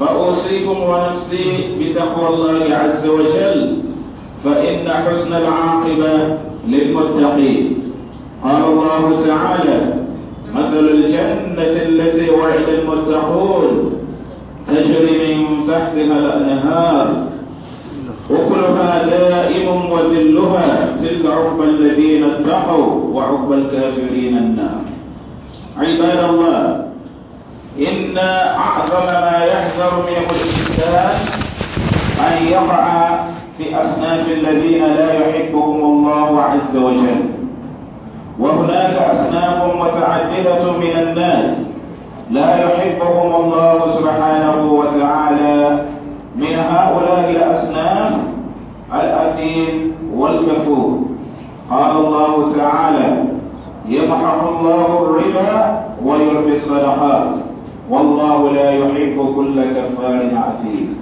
فأوصيكم ونفسي بتقوى الله عز وجل فإن حسن العاقبة للمتقين قال الله تعالى مثل الجنة التي وعد المتقون تجري من تحتها الأنهار أكلها دائم وذلها تلك عقبى الذين اتقوا وعقبى الكافرين النار عباد الله إن أعظم ما يحذر منه الإنسان أن يقع في أصناف الذين لا يحبهم الله عز وجل وهناك أصناف متعددة من الناس لا يحبهم الله سبحانه وتعالى من هؤلاء الأصناف الأثيم والكفور قال الله تعالى يمحق الله الربا ويربي الصدقات والله لا يحب كل كفار عثيم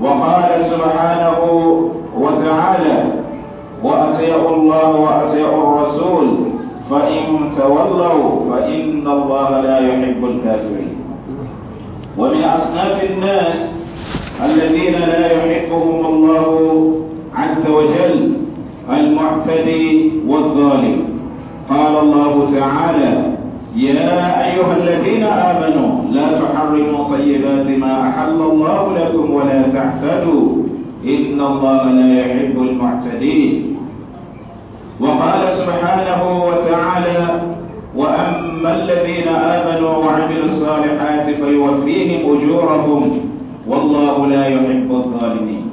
وقال سبحانه وتعالى وأطيعوا الله وأطيعوا الرسول فإن تولوا فإن الله لا يحب الكافرين ومن أصناف الناس الذين لا يحبهم الله عز وجل المعتدي والظالم قال الله تعالى يا أيها الذين آمنوا لا تحرموا طيبات ما أحل الله لكم ولا تعتدوا إن الله لا يحب المعتدين وقال سبحانه وتعالى وأما الذين آمنوا وعملوا الصالحات فيوفيهم أجورهم والله لا يحب الظالمين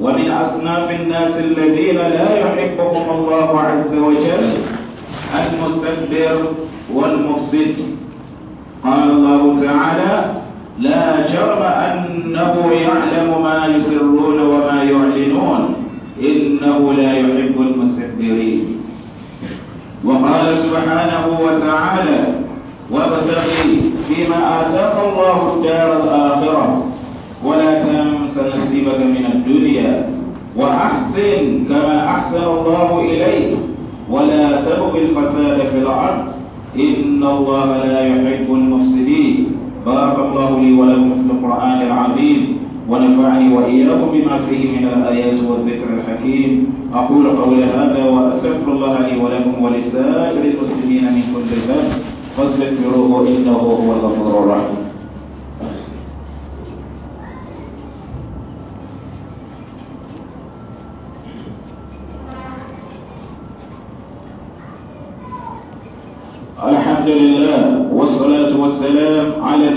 ومن أصناف الناس الذين لا يحبهم الله عز وجل المستكبر والمفسد قال الله تعالى لا جرم أنه يعلم ما يسرون وما يعلنون إنه لا يحب المستكبرين وقال سبحانه وتعالى وابتغي فيما آتاك الله الدار الآخرة ولا تنس نصيبك من الدنيا وأحسن كما أحسن الله إليك ولا تبغ الفساد في الأرض إن الله لا يحب المفسدين بارك الله لي ولكم في القرآن العظيم ونفعني وإياكم بما فيه من الآيات والذكر الحكيم أقول قول هذا وأستغفر الله لي ولكم ولسائر المسلمين من كل ذنب فاستغفروه إنه هو الغفور الرحيم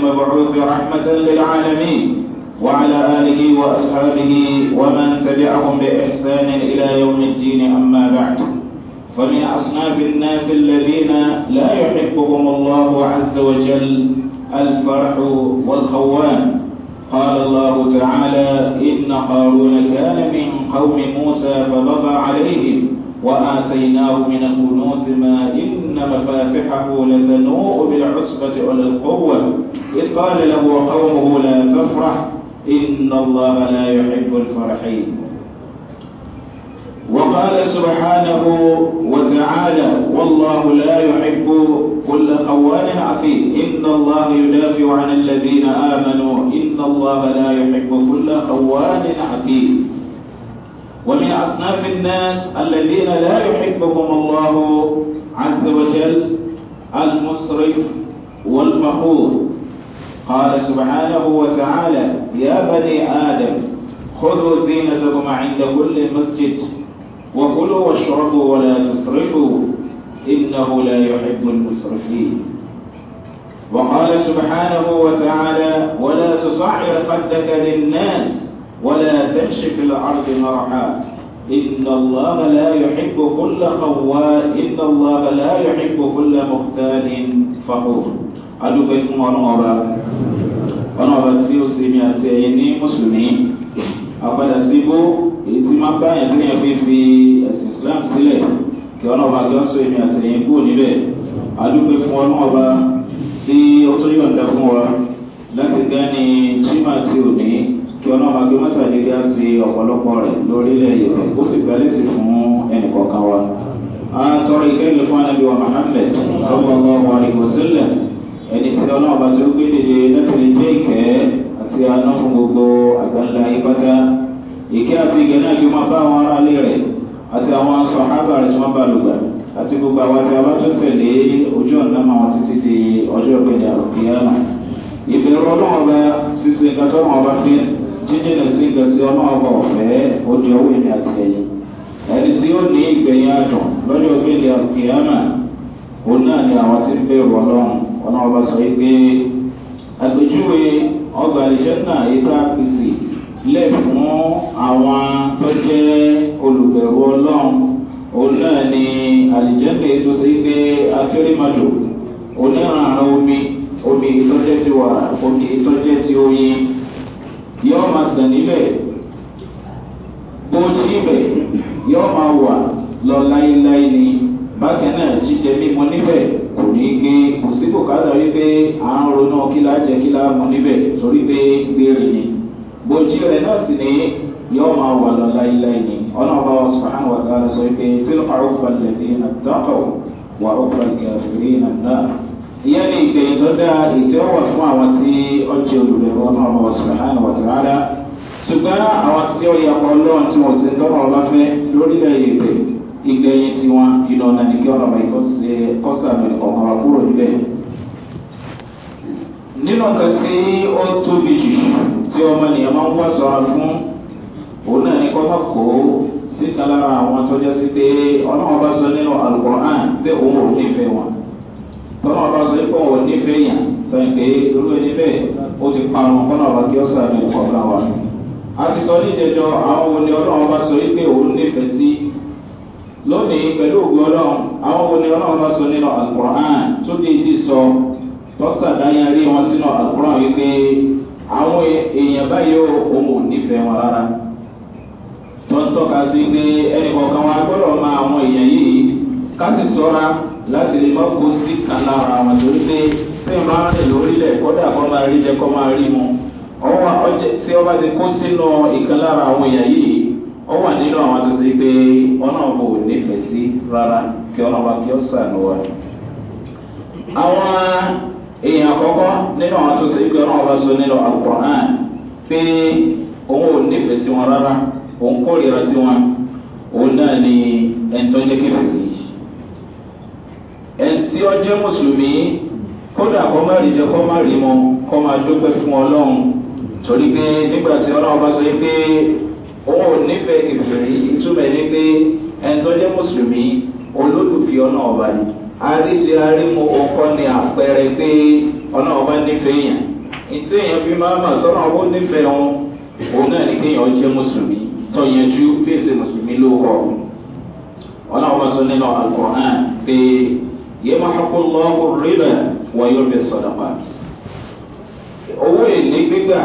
المبعوث رحمة للعالمين وعلى آله وأصحابه ومن تبعهم بإحسان إلى يوم الدين أما بعد فمن أصناف الناس الذين لا يحبهم الله عز وجل الفرح والخوان قال الله تعالى إن قارون كان من قوم موسى فبغى عليهم وآتيناه من الكنوز ما إن مفاتحه لتنوء بالعصبة على القوة إذ قال له قومه لا تفرح إن الله لا يحب الفرحين وقال سبحانه وتعالى والله لا يحب كل قوان عفيف إن الله يدافع عن الذين آمنوا إن الله لا يحب كل قوان عفيف ومن أصناف الناس الذين لا يحبهم الله عز وجل المصرف والمخور قال سبحانه وتعالى يا بني آدم خذوا زينتكم عند كل مسجد وكلوا واشربوا ولا تسرفوا إنه لا يحب المسرفين وقال سبحانه وتعالى ولا تصعر خدك للناس ولا تمش في الأرض مرحا إن الله لا يحب كل خوان إن الله لا يحب كل مختال فخور adúgbò fún ọlọ́mọba ọlọ́mọba tí ó sinmi àti ẹ̀yìn ní mùsùlùmí àpadà síbó èyí tí máa ń bá yẹn lóyún fi fi ẹ̀sìn islam sílẹ̀ kí ọlọ́mọba gbé ọ̀sọ́ èmi àti ẹ̀yìn kúrò níbẹ̀ adúgbò fún ọlọ́mọba tí ó tún yọ̀ǹda fún wa láti gán ní jimá tí kí ọlọ́run àgbẹ̀ mọ́sàdé dá sí ọ̀pọ̀lọpọ̀ rẹ̀ lórílẹ̀ yorùbá ó sì gbálẹ̀ sí fún ẹnì wa. àtọ̀rọ̀ ìkẹ́yìn fún anabi wa muhammed sọ́kọ̀ọ́ àríwọ̀sílẹ̀ ẹni tí ọlọ́run bá ti ó gbé dìde láti lè jẹ́ ìkẹ́ àti aná fún gbogbo àgbáńlá ìbátá ìkẹ́ àti ìgẹ̀ náà kí ó máa bá àwọn aráalé rẹ̀ àti àwọn sọ̀hábà rẹ̀ tí wọ́n bá lùgbà àti gbogbo àwọn tí a bá tún tẹ̀lé ìbẹ̀rù ọlọ́run ọba ṣíṣe nǹkan tó wọn ọba fi ń jíjìnà sí nǹkan tí ọlọ́run bọ̀ fẹ́ ó di owó ìní àti ẹ̀yìn ẹni tí ó ní ìgbẹ̀yìn àdùn lọ́jọ́ gbélé àkìyàmà òun náà ni àwọn tí ń bẹ̀rù ọlọ́run ọlọ́run bá sọ pé àpèjúwe ọgbà àlìjẹ́nà ìta pèsè lẹ̀ fún àwọn tó jẹ́ olùbẹ̀rù ọlọ́run òun náà ni àlìjẹ́nà ètò sí pé akérèmọdò onírànràn omi omi ìtọ́jẹ́ ti wà omi ìtọ́jẹ́ ti oyin yóò máa sàn níbẹ̀ gbòòtì ibẹ̀ yóò máa wà lọ láéláé ni bákan náà jíjẹ mímu níbẹ̀ kò ní gé kò sí kò ká dàbí pé à ń ronú kí láá jẹ kí láá mu níbẹ̀ torí pé gbére ni gbòòtì rẹ̀ náà sì ní yóò máa wà lọ láéláé ni ọlọ́ọ̀bá wa sùpàánù wa sàlẹ̀ sọ pé tí ló fà ó falẹ̀ ní àtàkọ̀ wà ó falẹ̀ kẹfìrí nàdá ìyẹn ní ìgbẹ̀yìn tó dáa ètò ọ̀wà fún àwọn tí ọjọ́ olùbẹ̀rù ọlọ́run wa sùlùmánù wa tààrà ṣùgbọ́n àwọn tí ó yàpọ̀ ọlọ́run tí wọ́n ṣe tọ́rọ̀ ọba fẹ́ lórílẹ̀ èdè ìgbẹ̀yìn tiwọn ìlànà ní kí ọlọ́run yìí kọ́sà lórí ọ̀kan wa kúrò níbẹ̀. nínú nǹkan tí ó tóbi jù tí ọmọ nìyẹn máa ń wá sọ̀rọ̀ fún òun náà ní kọ́kọ́ tọ́lọ́wọ́n bá sọ pé òun nífẹ̀ẹ́ yàn sọ̀rọ̀ pé irú ẹni bẹ́ẹ̀ ó ti parun kọ́nà ọ̀rọ̀ kí ó sàánú ìkọ̀ọ̀lá wa. a ti sọ níjẹjọ àwọn wo ni ọlọ́run bá sọ pé òun nífẹ̀ẹ́ sí lónìí pẹ̀lú ògùn ọlọ́run àwọn wo ni ọlọ́run bá sọ nínú alukur'an tó dé ìdí sọ tọ́sàdáyà rí wọn sínú alukur'an wípé àwọn èèyàn báyìí òun ò nífẹ̀ẹ́ wọn rárá tó ń tọ́ka sí pé ẹnì kọ̀ọ̀kan wa gbọ́dọ̀ máa àwọn èèyàn yìí ká sì sọ́ra láti lè mọ́ kó sí kan lára wọn torí pé tí nri bá lórílẹ̀ kọ́dà kọ́ máa rí jẹ kọ́ máa rí mu ọwọ́ ọjẹ́ tí ọba ti kó sínú ìkan lára àwọn èèyàn yìí ó wà nínú àwọn tó ti pé ọlọ́run kò nífẹ̀ẹ́ sí rárá kí kí ó sànù wa. àwọn èèyàn àkọ́kọ́ nínú àwọn tó ti pé nínú ẹnití ó jẹ́ mùsùlùmí kódà kọ́ má rí jẹ kọ́ má rí mu kọ́ máa dúpẹ́ fún ọlọ́run torí pé nígbà tí ọlọ́run bá sọ pé òun ò nífẹ̀ẹ́ kẹfẹ́rí ìtumẹ̀ ni pé ẹni tó jẹ́ mùsùlùmí olólùfẹ́ ọlọ́run ọba ni àríjẹ arímu ọkọ ni àpẹẹrẹ pé ọlọ́run ọba nífẹ̀ẹ́ yẹn ìtí èèyàn fi máa mà sọ́nà owó nífẹ̀ẹ́ wọn òun náà ni kéèyàn jẹ́ mùsùlùmí tó yanjú tí èsì mùsùlùmí ló kọ́ ọlọ́run ọba sọ nínú àlùkò hàn pé yẹmọ́hàkó lọ́wọ́ rírà wọ́n yóò fi sọ̀dọ̀pá. owó èlé gbígbà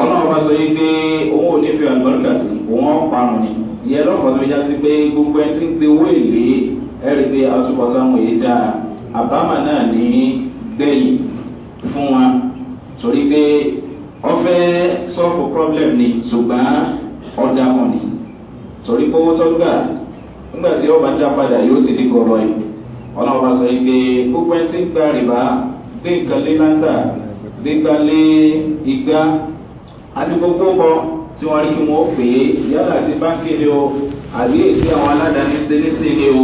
ọlọ́run bá sọ yìí pé òun ò ní fi àgbàlùkà sí òun ọ̀parun ni ìyẹn lọ́kọ̀ọ́ tó já sí pé gbogbo ẹni tí ń pe owó èlé ẹ̀rí pé àtúbọ̀tán wò yé dáa àbámà náà ní gbẹ̀yìn fún wa torí pé ọfẹ́ sọ́ọ̀fù problem ni ṣùgbọ́n ọ̀dà mọ̀ ni torí pé owó tó gbà nígbà tí ọba dá padà yóò ti di gọ̀ọ̀rọ̀ yìí ọlọ́run bá sọ pé gbogbo ẹ ti gba rìbá gbé nǹkan lé láńtà gbégbá lé igbá àti gbogbo kọ tí wọ́n rí kí wọ́n pè é yálà ti báńkì ni o àbí èsì àwọn aládàáni ṣe ní sí ni o.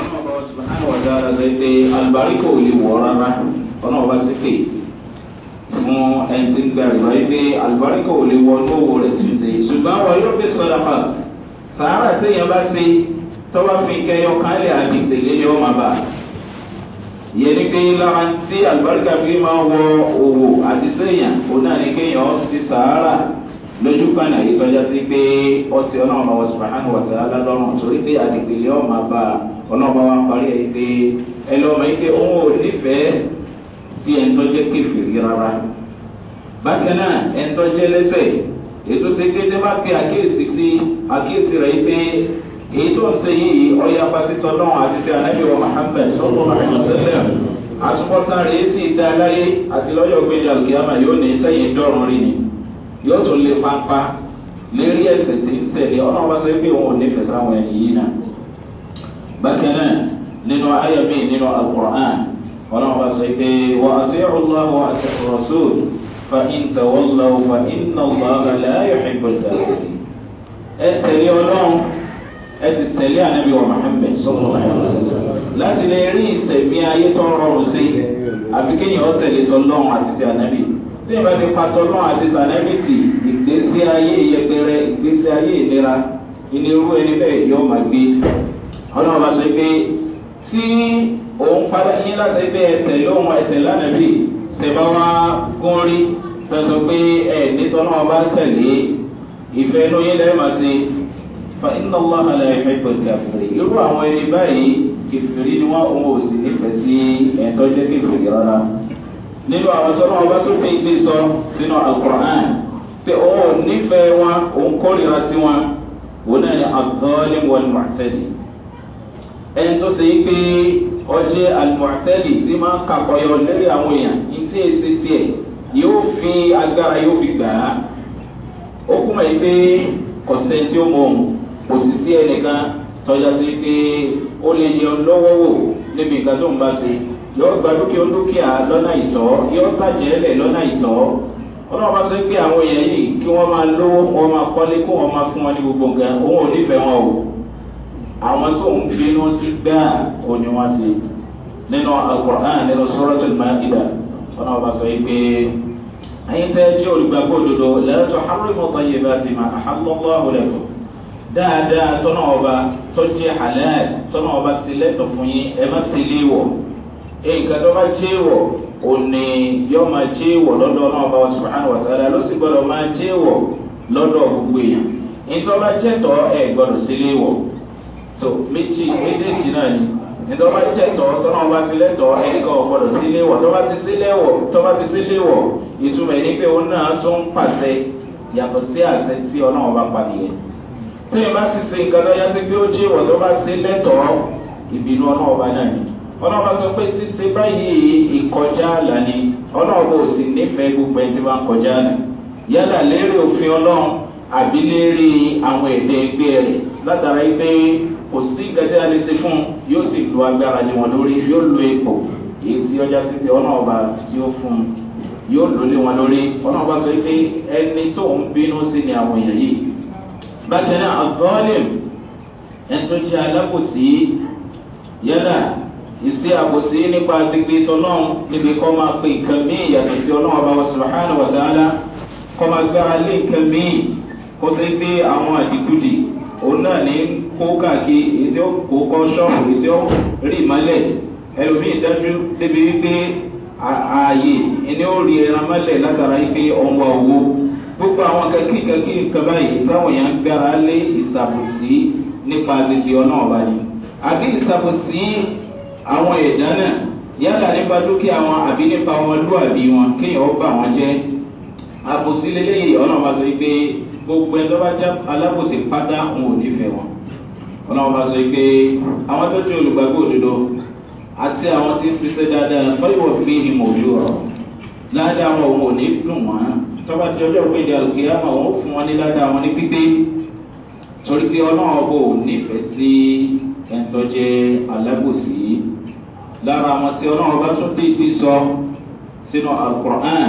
ọlọ́run bá sọ àwọn ọ̀dà ara sọ pé alùbáríkò ò lè wọ̀ rárá ọlọ́run bá sì pè fún ẹni tí ń gba rìbá yìí alùbáríkò ò lè wọ inú owó rẹ̀ tì ṣe ṣùgbọ́n àwọn yóò fi sọ́dà pàt sàárà téèyàn bá ṣe tọ́ba fi kẹyọ kálẹ̀ àdìtẹ̀lé yọ ọ́ máa bà á yẹni pé lára tí àlùbáríkà fi máa wọ òwò àti téèyàn òun náà ni kéèyàn sí sàárà lójú kànáà yìí tọ́já sí pé ọtí ọlọ́run ọmọ sùpàhánù wàtí alálọ́run torí pé àdìgbèlé ọmọ bá ọlọ́run ọmọ parí ẹ̀ pé ẹlọ́mọ yìí pé òun ò nífẹ̀ẹ́ sí ẹ̀ńtọ́jẹ́ kẹfìrí rárá. bákan náà ẹ̀ńtọ́jẹ́ lẹ́sẹ̀ ètò ṣe pé tẹ́ bá àkíyèsí sí àkíyèsí rẹ̀ yìí pé èyí tó ń ṣe yìí ọ̀yà pásítọ̀ náà àti ti anábìwọ̀ muhammed sọ́kọ̀ mahamud sẹ́lẹ̀ àtúbọ̀tán rẹ̀ sì dá láyé àti lọ́yọ̀ gbẹ̀dẹ̀ alùkìyàmà yóò ní sẹ́yìn dọ́rùn rí ni yóò tún lè pápá lérí ẹ̀sẹ̀ tí ń sẹ̀lẹ̀ ọlọ́run bá sọ pé òun ò nífẹ̀ẹ́ sáwọn ẹni yìí náà. bákan náà nínú ayọ̀ mi nínú alukur'an ọlọ́run bá sọ pé wà á sí ọlọ́ wa àti rasul fa ìntà wọ́n lọ fa ìnà ọ̀gbà ẹ sì tẹ̀lé ànábi wa muhammed sọ̀rọ̀ láti lè rí ìsẹ̀mí ayé tó rọrùn sí àfi kéèyàn ó tẹ̀lé tọ́lọ́run àti ti ànábi tí ìbá ti pa tọ́lọ́run àti ti ànábi tì ìgbésí ayé ìyẹgbẹrẹ ìgbésí ayé ìlera ìní irú ẹni bẹ́ẹ̀ yóò máa gbé ọlọ́run bá ṣe pé tí òun padà yín láti ẹgbẹ́ ẹ̀tẹ̀lé òun ẹ̀tẹ̀lé ànábi tẹ̀bá wá gún rí fẹ́ sọ pé ẹ̀ nítorí wọn bá tẹ̀lé ìfẹ́ inú yín lẹ́ẹ̀ máa ṣe fa iná lọ́hà lẹ́yìn ẹ̀kọ́ ìkàfẹ́rẹ́ irú àwọn ẹni báyìí kẹfìrí ni wọ́n òun ò sì nífẹ̀ẹ́ sí ẹ̀tọ́ jẹ́ kẹfìrí rárá nínú àwọn tọ́lọ́ ọba tó fi ń gbé sọ sínú alukur'an pé òun ò nífẹ̀ẹ́ wọn òun kórìíra sí wọn òun náà ni àtọ́lé wọn mọ̀tẹ́lì ẹni tó ṣe pé ọjẹ́ alimọ̀tẹ́lì tí máa ń kakọyọ lẹ́rìí àwọn èèyàn ní tí tiẹ̀ yóò fi agbára yóò fi gbà á ó kúmọ̀ yìí pé kọ̀sẹ̀ tí ó mọ òun kò sì sí ẹnìkan tọ́já sí pé ó lè yọ lọ́wọ́ wò níbi nǹkan tó ń bá ṣe yóò gba dúkìá dúkìá lọ́nà ìtọ́ yóò bàjẹ́ lẹ̀ lọ́nà ìtọ́ ọlọ́run bá sọ pé àwọn èèyàn yìí kí wọ́n máa lówó wọ́n máa kọ́lé kó wọ́n máa fún wọn ní gbogbo nǹkan òun ò nífẹ̀ẹ́ wọn o àwọn tó ń bínú sí gbáà ò ní wọ́n ṣe nínú alukur'an nínú sọ́rọ́tò ìmáàdìdà ọlọ́run bá sọ pé ayé tẹ́ jẹ́ olùgbàgbọ́ òdodo lẹ́yìn tó hàrùmọ́tò yẹ máa àhàlọ́gbọ́ àwòrán dáadáa tọ́nà ọba tọ́jẹ́ halal tọ́nà ọba sí lẹ́tọ̀ fún yín ẹ má sí ilé wọ̀ nǹkan tó bá jẹ́ wọ̀ òní yóò máa jẹ́ wọ̀ lọ́dọ̀ náà ọba wa subhanahu wa ta'ala ló sì gbọ́dọ̀ máa jẹ́ wọ̀ lọ́dọ̀ gbogbo èèyàn nítorí bá jẹ́tọ̀ ẹ̀ gbọ́dọ̀ sí ilé wọ̀ tó méjì méjèèjì náà ni nítorí bá jẹ́tọ̀ tọ́nà ọba sí lẹ́tọ̀ ẹ̀ kọ́ gbọ́dọ̀ sí ilé wọ̀ tó ti sí ilé wọ̀ ìtumọ̀ téèyàn bá si se nǹkan lọ́yà sí pé ó jẹ́ ìwọ̀ tó bá ṣe lẹ́tọ̀ọ́ ìbínú ọlọ́ọ̀bá náà ni ọlọ́ọ̀bá sọ pé ṣíṣe báyìí ìkọjá àlà ni ọlọ́ọ̀bá ò sì nífẹ̀ẹ́ gbogbo ẹni tí wọ́n kọjá àlà yálà lérí òfin ọlọ́run àbí lérí àwọn èdè ẹgbẹ́ rẹ̀ látara pé kò sí gẹ́gẹ́ alẹ́ ṣe fún yóò sì lo agbára lé wọn lórí yóò lo epo èyí tí ọjà sí pé ọlọ́ọ̀bá tí ó fún yóò wọn lórí ọlọ́ọ̀bá sọ pé ẹni tó ń bínú sí ni àwọn èèyàn yìí bákan náà àgbọ́ọ̀lìm ẹ̀tọ́ jẹ́ alákòsí yálà ìsí àkòsí nípa gbígbé tọ́lọ́hún níbi kọ́ máa pe nǹkan míì yàtọ̀ sí ọlọ́run ọba wa sùlùhánù wàtàlá kọ́ máa gbára lé nǹkan míì kó sì gbé àwọn àdìgúdì òun náà ní kó káàkiri èyí tí ó kó kọ́ ṣọ́ọ̀bù èyí tí ó rí ìmọ́lẹ̀ ẹlòmíì dájú débi wípé ààyè ẹni ó rí ẹran mọ́lẹ̀ látara wípé ọ̀nwá owó gbogbo àwọn kẹkí kẹkí nǹkan báyìí táwọn èèyàn ń gbára lé ìsàbòsí nípa agbègbè ọ̀nà ọ̀bá yìí àbí ìsàbòsí àwọn ẹ̀dá náà yálà nípa dúkìá wọn àbí nípa wọn lúàbí wọn kéèyàn ó bà wọn jẹ́ àbòsí lélẹ́yìí ọ̀nà ọ̀bá sọ pé gbogbo ẹni tó bá já alábòsí pátá òun ò nífẹ̀ẹ́ wọn ọ̀nà ọ̀bá sọ pé àwọn tó jẹ́ olùgbàgbọ́ òdodo àti àwọn tí ń ṣiṣẹ́ dáadáa fẹ́ ìwọ̀ fi ìmọ̀ òjò ọ̀rọ̀ láàdá àwọn ò ní dùn wọ́n tọ́ba jọjọ́ pé ìdí àlùkìyàmọ̀ wọn ó fún wọn ní ládàá wọn ní pípé torí pé ọlọ́run ọbọ̀ ò nífẹ̀ẹ́ sí ẹ̀ńtọ́jẹ́ alábòsí lára àwọn tí ọlọ́run bá tún dédé sọ sínú alukur'an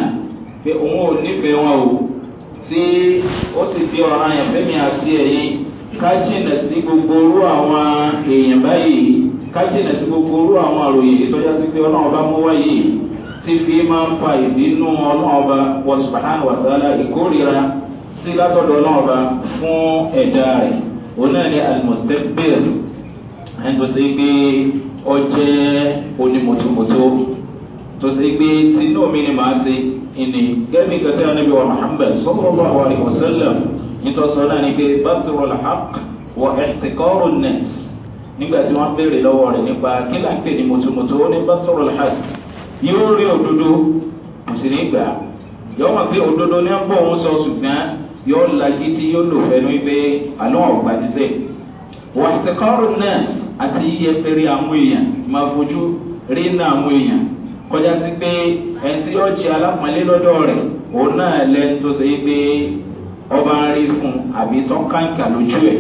pé òun ò nífẹ̀ẹ́ wọn o tí ó sì di ọ̀ràn yẹn fẹ́mi àti ẹ̀yìn ká jìnà sí gbogbo orú àwọn èèyàn báyìí ká sí gbogbo orú àwọn àròyìn ìtọ́jà sí pé ọlọ́run bá mú wáyé yìí tí fi máa ń fa ìbínú ọlọ́ọba wọ̀sùpáhán wàtálà ìkórira sí látọ̀dọ̀ ọlọ́ọba fún ẹ̀dá rẹ̀ òun náà ni almustaqbel ẹni tó ṣe gbé ọjẹ́ onímọ̀tòmọ̀tò tó ṣe gbé tinú mi ni màá ṣe ìní gẹ́gẹ́ kẹsí anábì wa muhammed sọ́kọ́lọ́ àwọn àríwọ̀sẹ́lẹ̀ nítòsọ náà ni pé bàtúrò làhàk wọ ẹ̀tẹ̀kọ́rò nígbà tí wọ́n béèrè lọ́wọ́ rẹ̀ nípa kí ni mọ̀tòmọ̀tò ó ní bàtúrò làhàk yóò rí òdodo kò sì ní gbà yóò mọ̀ pé òdodo ní ọ̀pọ̀ òun sọ ṣùgbọ́n yóò lajú tí yóò lò fẹ́ ní pé àlóhàn ọ̀gbà ti sẹ́ wàtẹ́kọ́rù nẹ́ẹ̀sì àti yẹpẹrẹ àwọn èèyàn máa fojú rí náà àwọn èèyàn kọjá sí pé ẹni tí yóò jẹ alápọ̀nlé lọ́dọ̀ rẹ̀ òun náà lẹ́nu tó ṣe é pé ọba ń rí fún àbí tán káńkà lójú ẹ̀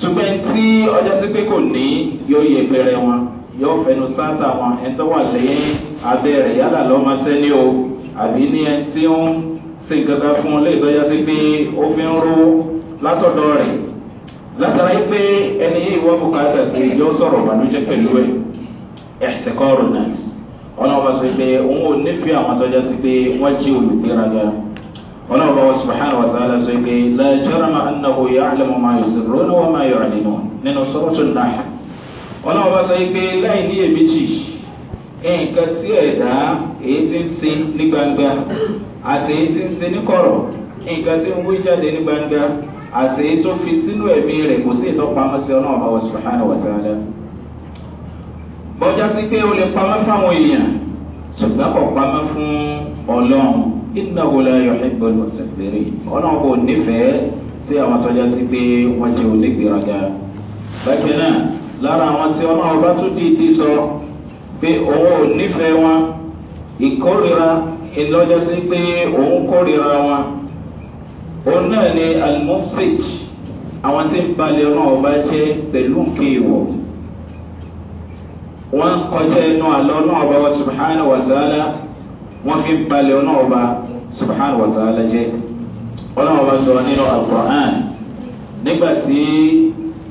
ṣùgbọ́n tí ọjà sí pé kò ní yóò yẹpẹrẹ wọn yóò fẹnu sáta àwọn ẹni tó wà lẹ́yìn abẹ́ rẹ̀ yálà lọ́mọ sẹ́ni o àbí ní ẹni tí ó ń ṣe nǹkan kan fún un lè tọ́já sí pé ó fi ń rú látọ̀dọ̀ rẹ̀ látara yìí pé ẹni yìí wọ́n kó káàtà sí yóò sọ̀rọ̀ ìbànújẹ́ pẹ̀lú ẹ̀ ẹ̀tẹ̀kọ́rù náà ọlọ́wọ́ sọ pé òun ò nífẹ̀ẹ́ àwọn tọ́já sí pé wọ́n jí olùgbéraga ọlọ́wọ́ bá wọ́n subahana wa ta'ala sọ pé lẹ́jọ́rọ̀mà annahu ọlọ́run bá sọ pé láì ní èméjì nǹkan tí ẹ̀dá èyí ti ń se ní gbangba àti èyí ti ń se ní kọ̀rọ̀ nǹkan tí ń wí jáde ní gbangba àti èyí tó fi sínú ẹ̀mí rẹ̀ kò sí ìtọ́pamọ́ sí ọlọ́run bá wọ subhanahu wa ta'ala. bọ́jà sí pé o lè pamọ́ fáwọn èèyàn ṣùgbọ́n kò pamọ́ fún ọlọ́run ìnáwó la yọ ẹgbẹ́ lọ́sẹ̀gbẹ̀rẹ̀ ọlọ́run kò nífẹ̀ẹ́ sí àwọn tọ́jà sí pé wọ́n jẹ́ onígbèrágà. bákan náà lára àwọn tí ọlọ́run bá tún dìídì sọ pé òun ò nífẹ̀ẹ́ wọn ìkórira ìlọ́jọ́ sí pé òun kórira wọn òun náà ni almofsej àwọn tí ń balẹ̀ ọ̀nà ọba jẹ́ pẹ̀lú nǹkan ìwọ̀ wọ́n kọjá ẹnu àlọ́ ọ̀nà ọba wa subhanahu wa ta'ala wọ́n fi balẹ̀ ọ̀nà ọba subhanahu wa ta'ala jẹ́ ọ̀nà ọba sọ nínú alfaan nígbà tí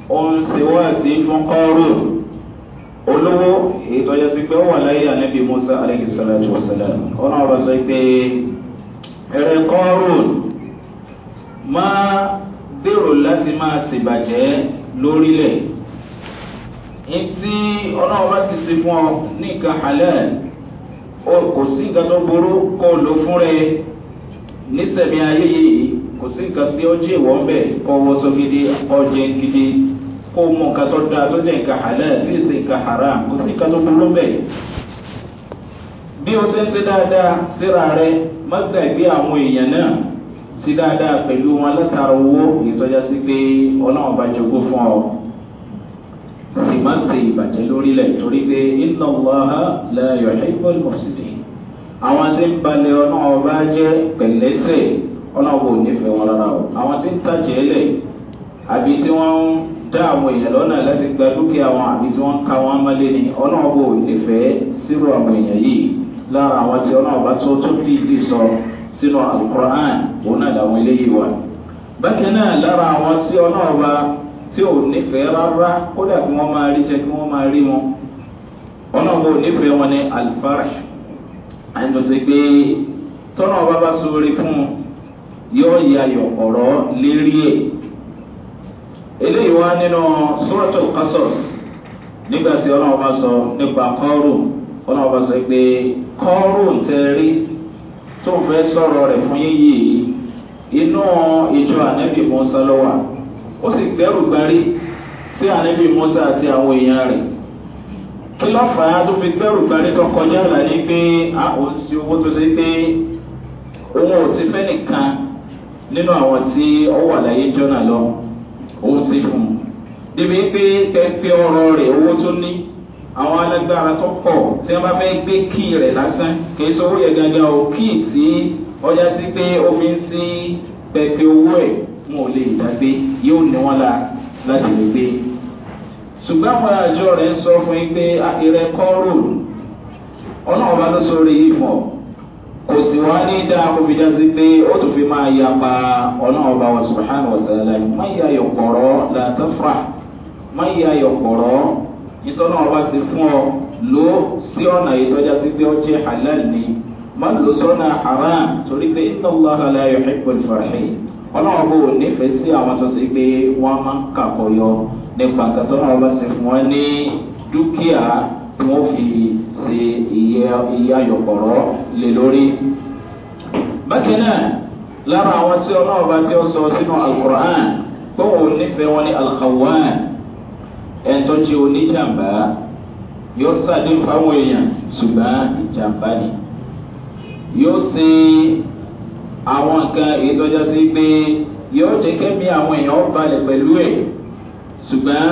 ó ń ṣe wáàsí fún kọ́rù olówó ìtọ́jà sí pé ó wà láyé ànábì musa aleyhi salatu wa salam ọ̀nà ọ̀rọ̀ sọ pé ẹ̀rẹ̀ kọ́rù máa dèrò láti máa ṣèbàjẹ́ lórílẹ̀ ntí ọlọ́run bá ti ṣe fún ọ ní nǹkan halal kò sí nǹkan tó burú kó o lò fún rẹ nísẹ̀mí ayé yìí kò sí nǹkan tí ó jẹ́ ìwọ́n bẹ̀ kó o wọ́ sọ gidi kó gidi kó mọ nǹkan tó dáa tó jẹ́ nǹkan halal tí èsì nǹkan haram kò sí nǹkan tó burú bẹ́ẹ̀. bí o ṣe ń ṣe dáadáa síra rẹ má gbàgbé àwọn èèyàn náà sí dáadáa pẹ̀lú wọn látara owó ìtọ́já sí pé ọlọ́run bá jogún fún ọ sì má ṣe ìbàjẹ́ lórílẹ̀ torí pé iná wàhá lẹ́yọ̀ ẹ̀gbọ́n mọ̀sídẹ̀ àwọn tí ń balẹ̀ ọlọ́run bá jẹ́ pẹ̀lẹ́sẹ̀ ọlọ́run ò nífẹ̀ẹ́ dá àwọn èèyàn lọ́nà láti gba dúkìá wọn àbí tí wọ́n ń ka wọn mọ́lé ni ọlọ́run bò lè fẹ́ sírò àwọn èèyàn yìí lára àwọn tí ọlọ́run bá tó tó dìídì sọ sínú alukur'an òun náà làwọn eléyìí wà. bákan náà lára àwọn tí ọlọ́run bá tí ò nífẹ̀ẹ́ rárá kódà kí wọ́n máa rí jẹ kí wọ́n máa rí wọn ọlọ́run bò nífẹ̀ẹ́ wọn ní alifara àìmọ̀sẹ̀ pé tọ́nà ọba bá sọ fún yóò yàyọ̀ ọ̀rọ̀ lérí eléyìí wá nínú suratul qasas nígbà tí ọlọ́run bá sọ nípa kọ́ọ̀rù ọlọ́run bá sọ pé kọ́ọ̀rù tẹ̀rí tó ń fẹ́ sọ̀rọ̀ rẹ̀ fún yíyí inú ìjọ ànẹ́bí musa ló wà ó sì gbẹ́rù gbarí sí ànẹ́bí musa àti àwọn èèyàn rẹ̀ kí ló fà á tó fi gbẹ́rù gbarí tó kọjá là ní pé àwọn sí owó tó ṣe pé òun ò sí fẹ́ nìkan nínú àwọn tí ó wà láyé jọ́nà lọ́wọ́. o sì fún un débi pé pẹ́pẹ́ ọ̀rọ̀ rẹ̀ owó tó ní àwọn alágbára tó pọ̀ tí wọ́n bá fẹ́ gbé kí rẹ̀ lásán kì í sọ o kí tí ọjà sí pé omi ń sí pẹ́pẹ́ owó ẹ̀ wọn ò lè dàgbé yóò ní wọn la láti lè gbé ṣùgbọ́n àwọn àjọ rẹ̀ ń sọ fún yín pé akérè ọlọ́run bá kò sì wá ní dáa kó fi jásí pé ó tún fi máa ya pa ọlọ́run ọba wa subahana wa ta'ala má ya ayọ̀ kọ̀rọ̀ làtàfà má ya ayọ̀ kọ̀rọ̀ ìtọ́nà ọba ti fún ọ lò sí ọ̀nà ìtọ́já sí pé ó jẹ́ halal ni má lò sọ́nà haram torí pé iná lọ́ha la yọ̀ ẹ̀kọ́ ìfàṣẹ́ ọlọ́run bò nífẹ̀ẹ́ sí àwọn tó ṣe pé wọ́n máa ń kàkọ́ nípa kàtọ́nà ọba sì fún ọ ní dúkìá tí wọ́n fi ṣe iye ayọ̀pọ̀rọ̀ lé lórí. bákan náà lára àwọn tí ọlọ́run bá tí ó sọ sínú alukur'an gbọ́wọ́ nífẹ̀ẹ́ wọn ní alkawan ẹ̀ńtọ́jú oníjàmbá yóò sàdé fáwọn èèyàn ṣùgbọ́n ìjàmbá ni yóò ṣe àwọn nǹkan ìtọ́já sí pé yóò jẹ́ kẹ́mi àwọn èèyàn balẹ̀ pẹ̀lú ẹ̀ ṣùgbọ́n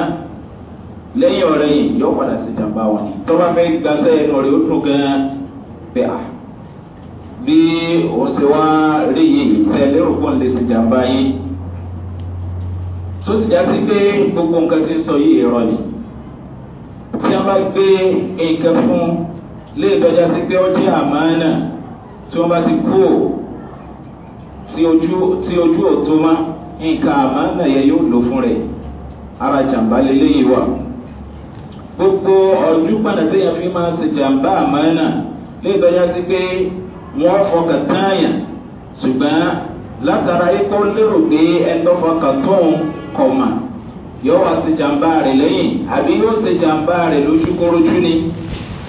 lẹ́yìn ọ̀rẹ́ yìí yóò padà sí jàmbá wọn ni tọ́ba fẹ́ gbàsẹ́ ẹnu rẹ̀ ó tún gan-an pé à ah, bí òun ṣe wá rí yìí ṣe lérò pọ̀ lè sí jàmbá yìí tó sì já sí pé gbogbo nǹkan ti ń sọ yìí irọ́ ni tí wọ́n bá gbé nǹkan fún lè dọ́jà sí pé ó jẹ́ àmàánà tí wọ́n bá ti kú ò tí ojú ò tó má nǹkan àmàánà yẹn yóò lò fún rẹ̀ ara jàmbá lélẹ́yìn wà gbogbo ọdún padà téèyàn fi máa ṣe jàǹbá àmọ́nà lè tọ́já sí pé wọ́n fọkàn táyàn ṣùgbọ́n látara ikọ́ lérò pé ẹ̀tọ́ fọkàn tóun kọ̀ mà yóò wá ṣe jàǹbá rẹ̀ lẹ́yìn àbí yóò ṣe jàǹbá rẹ̀ lójúkorojú ni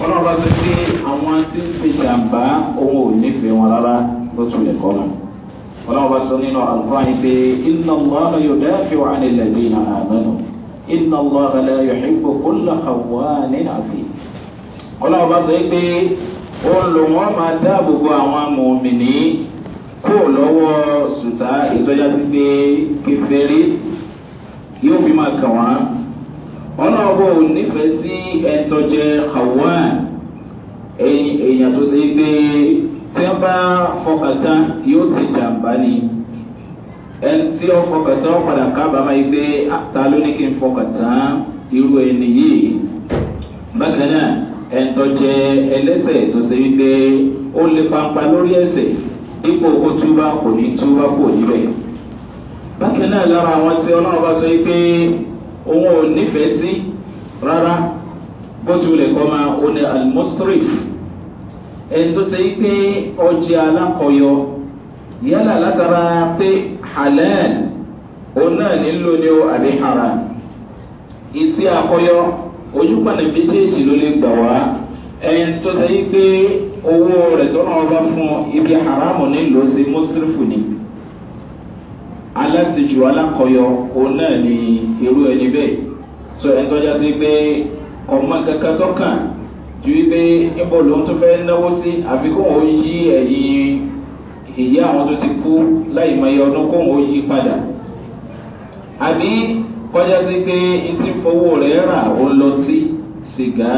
ọlọ́run bá sọ pé àwọn tí ń ṣe jàǹbá òun ò nífẹ̀ẹ́ wọn rárá ló tún lè kọ́ mà ọlọ́run bá sọ nínú àlùfáà yìí pé iná mọ́ ayọ̀dẹ́ fi wà nílẹ̀ bí ìlànà àmọ́nù inna allah la yuhibbu kulla khawanin afi ọlọ́run bá sọ pé òun ló wọ́n máa dáàbò bo àwọn mòmìnì kó lọ́wọ́ sùtá ìtọ́já sí pé kẹfẹ́rí yóò fi máa kàn wá ọlọ́run bò nífẹ̀ẹ́ sí ẹ̀ńtọ́jẹ khawan èèyàn tó ṣe pé tí wọ́n bá fọkàn tán yóò ṣe jàǹbá ni ẹni tí ó fọkàn tán padà kábàámà yìí pé ah, ta ló ní kí n fọkàn tán irú ẹni yìí bákan náà ẹ̀ńtọ́ jẹ ẹlẹ́sẹ̀ tó ṣe wípé ó lè pampa lórí ẹsẹ̀ dípò kó túbà kò ní túbà kò níbẹ̀. bákan náà lára àwọn tí ọlọ́run bá sọ wípé òun ò nífẹ̀ẹ́ sí rárá bó tilẹ̀ kọ́ máa ó ní almustrif ẹni tó ṣe wípé ọjà alákọ̀yọ yálà látara pé halal òun náà nílò o àbí haram Isi àkọyọ ojúpàdé méjèèjì ló lè gbà wá ẹn tó sẹ́yìn pé owó rẹ̀ tó náà bá fún ibi haramu nílò sí mọ́sírífù ni alásìjù alákọyọ òun náà ní irú ẹni bẹ́ẹ̀ sọ ẹn tó já sí pé ọmọ kankan tó kàn ju wípé ibo lòun tó fẹ́ náwó sí àfikún òun yí ẹ̀yìn ìyá àwọn tó ti kú láì mọ iye ọdún kó wọn yí padà àbí kọjá sí pé etí fowó rẹ̀ rà ó lọ sí sìgá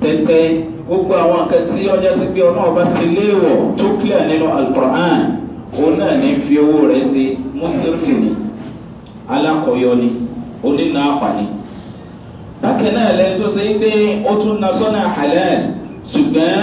tẹ́tẹ́ gbogbo àwọn nǹkan tí ọjà sí pé ọlọ́run bá ti léèwọ̀ tó clear nínú alukur'an òun náà ní fi owó rẹ̀ ṣe mùsùlùmí ni alákọ̀ọ́yọ ni onínà àpàní. bákan náà lẹ́nu tó ṣe é pé ó tún na sọ́nà halal ṣùgbọ́n.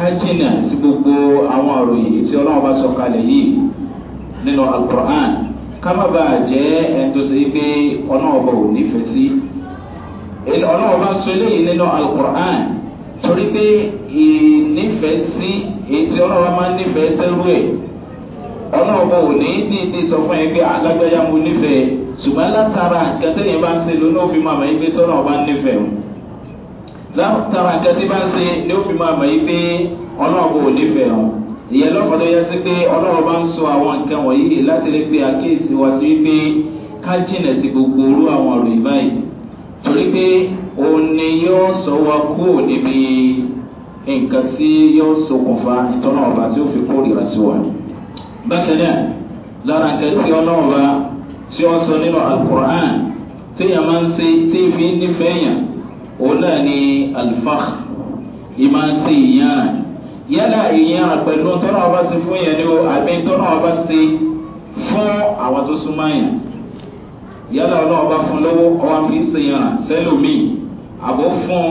kájínà sí gbogbo àwọn àròyìn tí ọlọ́run bá sọ kalẹ̀ yìí nínú alukur'an ká má bàa jẹ́ ẹni tó ṣe pé ọlọ́run bá ò nífẹ̀ẹ́ sí ọlọ́run bá sọ eléyìí nínú alukur'an torí pé ìnífẹ̀ẹ́ sí èyí tí ọlọ́run máa ń nífẹ̀ẹ́ sẹ́rú ẹ̀ ọlọ́run bá ò ní dìídì sọ fún ẹ pé alágbáyà mo nífẹ̀ẹ́ ṣùgbọ́n látara nǹkan tẹ́yìn bá ń ṣe lónà òfin màmá yín pé sọ́nà látara nǹkan tí bá ń ṣe ni ó fi máa mọ̀ yìí pé ọlọ́ọ̀bù ò nífẹ̀ẹ́ wọn ìyẹn lọ́kàn tó yẹ sí pé ọlọ́wọ́ bá ń sọ àwọn nǹkan wọ̀nyí láti lè pe àkíyèsí wa sí wípé ká jìnà sí gbogbo orú àwọn ọ̀rọ̀ ìbáyìí torí pé òun ni yóò sọ wa kúrò níbi nǹkan tí yóò ṣokùnfà ìtọ́nà ọba tí ó fi kórìíra sí wa. bákan náà lára nǹkan tí ọlọ́wọ́ bá tí ó sọ nínú alukur'an tí èèyàn máa ń ṣe tí ìfi òun ni alfaq ìmọ̀ ṣe ìyára yálà ìyára pẹ̀lú tọ́nà ọba ṣe fún yẹn ni o àbí tọ́nà ọba ṣe fún àwọn tó súnmọ́ yẹn yálà ọlọ́wọ́ bá fún lọ́wọ́ ọwọ́ fi ń ṣe yàrá sẹ́lòmíì àbọ̀ fún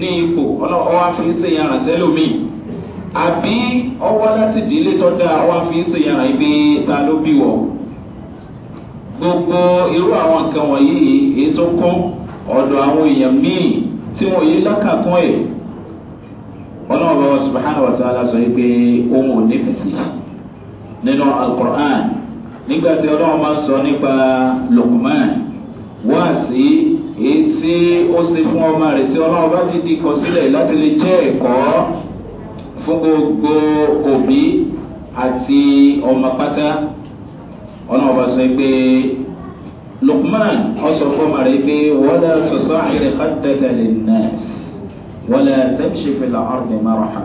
ní ipò ọwọ́ fi ń ṣe yàrá sẹ́lòmíì àbí ọwọ́ láti délé tọ́ da ọwọ́ fi ń ṣe yàrá ibi ta ló bí wọ̀ gbogbo irú àwọn nǹkan wọ̀nyí èyí tó kún ọ̀dọ̀ àwọn èèyàn míì tí wọn yìí lákàkún ẹ̀ ọlọ́run bá subahana wa ta'ala sọ yìí pé òun ò nífẹ̀ẹ́ sí nínú alukur'an nígbà tí ọlọ́run máa ń sọ nípa lukman wá sí èyí tí ó ṣe fún ọmọ rẹ̀ tí ọlọ́run bá dídí kọ sílẹ̀ láti lè jẹ́ ẹ̀kọ́ fún gbogbo òbí àti ọmọ pátá ọlọ́run bá sọ pé. Luqman ọsọ fọmọ rẹ pé wala tusahhir khaddaka linnas wala tamshi fil ardi maraha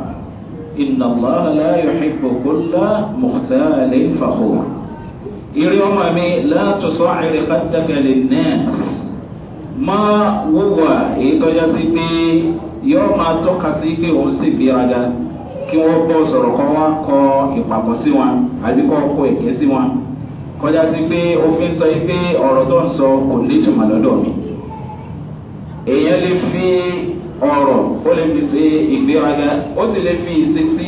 inna Allaha la yuhibbu kulla mukhtalin fakhur. ìrì ọmọ mi la tusahhir khaddaka linnas máa wúwa èyí tọ́já sí pé yóò máa tọ́ka sí pé òun sì gbéraga kí wọ́n bọ́ sọ̀rọ̀ kọ́ wá kọ ìpàgọ́ sí wọn àbí kọ́ kọ èké sí wọn kọjá sí pé òfin sọ yìí pé ọ̀rọ̀ tó ń sọ kò ní ìtumọ̀ lọ́dọ̀ mi èèyàn lè fi ọ̀rọ̀ ó lè fi ṣe ìgbéraga ó sì lè fi ìṣesí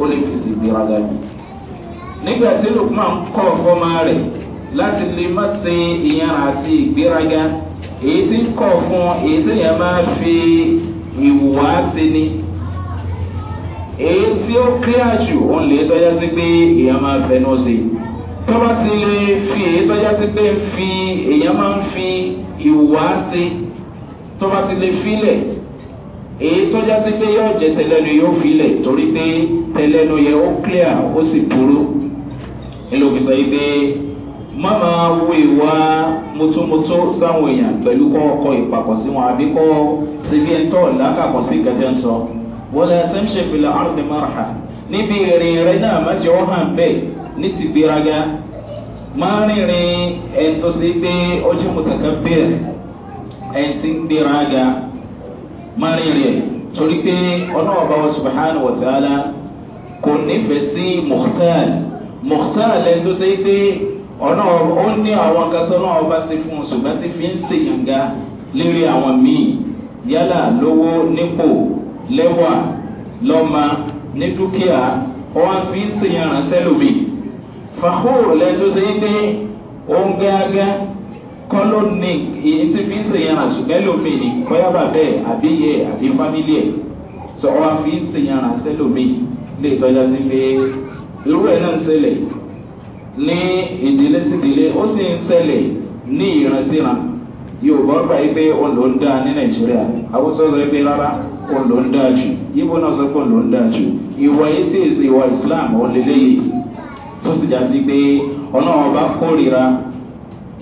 ó lè fi ṣe ìgbéraga mi nígbà tí lukman kọ́ fọ́mọ rẹ̀ láti lè má ṣe ìyẹn àti ìgbéraga èyí tí ń kọ̀ fún èyí tí yẹn máa fi ìwà ṣe ni èyí tí ó kíláàjù òun lè tọ́já sí pé èèyàn máa fẹnu ṣe tọ́ba ti lè fi èyí tọ́já sí pé fi èèyàn máa ń fi ìwà sí tọ́ba ti lè filẹ̀ èyí sí pé yóò jẹ tẹlẹnu yóò filẹ̀ torí pé tẹlẹnu yẹ ó clear ó sì burú ẹlòmíì yìí pé má máa wo ìwà mutumutu sáwọn èèyàn pẹ̀lú kọ́ ọkọ̀ ìpapọ̀ sí wọn àbí kọ́ síbi làákàkọ́ sí kẹtẹ́ ń sọ wọlé ẹ̀ ń ṣe fìlà àrùn ní márùn-ún níbi ìrìn rẹ náà má jẹ́ ọ́ hàn bẹ́ẹ̀ ní ti gbéraga máa rìnrìn ẹni tó ṣe pé ọjọ́ mọ̀tàkà bẹ́ẹ̀ ẹni tí gbéraga máa torí pé ọlọ́wọ́ bá wọn subahana wa ta'ala kò nífẹ̀ẹ́ sí muhtal muhtal ẹni tó ṣe pé ọ̀nà ó ní àwọn kan tó náà bá ṣe fún un ṣùgbọ́n ti fi ń ṣèyànga lérí àwọn míì yálà lówó nípò lẹ́wà lọ́mọ ní dúkìá ó fi ń ṣèyàn ránṣẹ́ lómi fàkóò lẹ́tọ́ ṣe é dé ohun gágá kọ́ ló ní èyí tí fi ń ṣèyànrà ṣùgbọ́n ẹlòmíì ni kọ́yàbà bẹ́ẹ̀ àbí yẹ àbí fámílì ẹ̀ sọ̀rọ̀ àfi ń ṣèyànrà sẹ́lòmíì lè tọ́já sí pé irú ẹ̀ náà ń ṣẹlẹ̀ ní ìdílé sí ìdílé ó sì ń ṣẹlẹ̀ ní ìránṣíran yorùbá ọgbà yìí pé òun ló ń dáa ní nàìjíríà àwòsàn sọ pé rárá òun ló ń dáa jù yíbo náà sọ pé òun ló ń dáa jù ìwà yìí tí èsì ìwà islam òun tó sì já sí pé ọlọ́run ọba kórìíra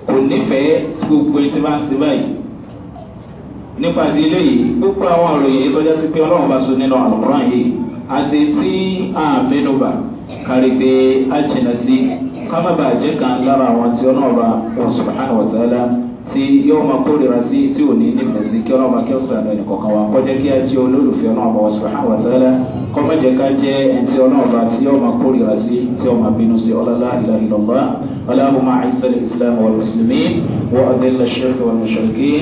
kò nífẹ̀ẹ́ sí gbogbo ẹni tí bá ń ṣe báyìí nípa ti eléyìí gbogbo àwọn àròyìn yìí tọ́já sí pé ọlọ́run ọba so nínú àlùkùrán yìí àti tí a mẹ́nuba kárí pé a jìnnà sí ká má bàa jẹ́ kan lára àwọn tí ọlọ́run ọba ọ̀sùn àhánà wọ̀tálá. tí yóò máa kórira sí tí ò ní nífẹ̀ẹ́ sí kí ọlọ́run akẹ́ ọ̀sán ẹni kan wa kọjá kí a jẹ́ olólùfẹ́ ọlọ́run bá wa sọ̀rọ̀ àwọn àtàlẹ́ kọ́ má jẹ́ ká jẹ́ ẹntì ọlọ́run bá tí yóò máa kórira sí tí yóò máa bínú sí ọlọ́lá ìlà ìlọ́gbà aláhùn máa ń sẹ́lẹ̀ islam wa mùsùlùmí wa adéla ṣẹ́kì wa mùsùlùmí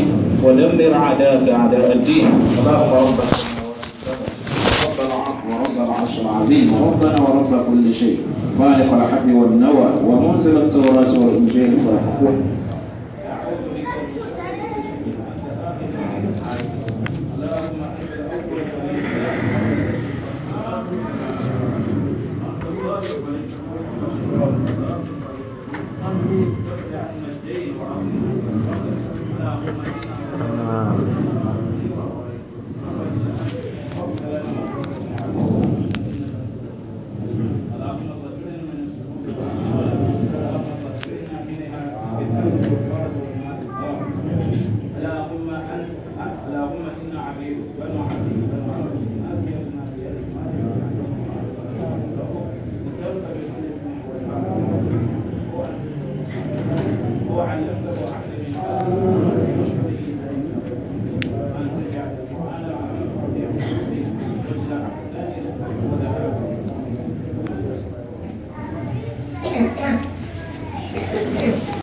wa lẹ́mìíràn àdáàdà àdáàdì aláhùn máa ń bá عظيم ربنا ورب كل شيء خالق الحب والنوى ومنزل التوراة والإنجيل والحق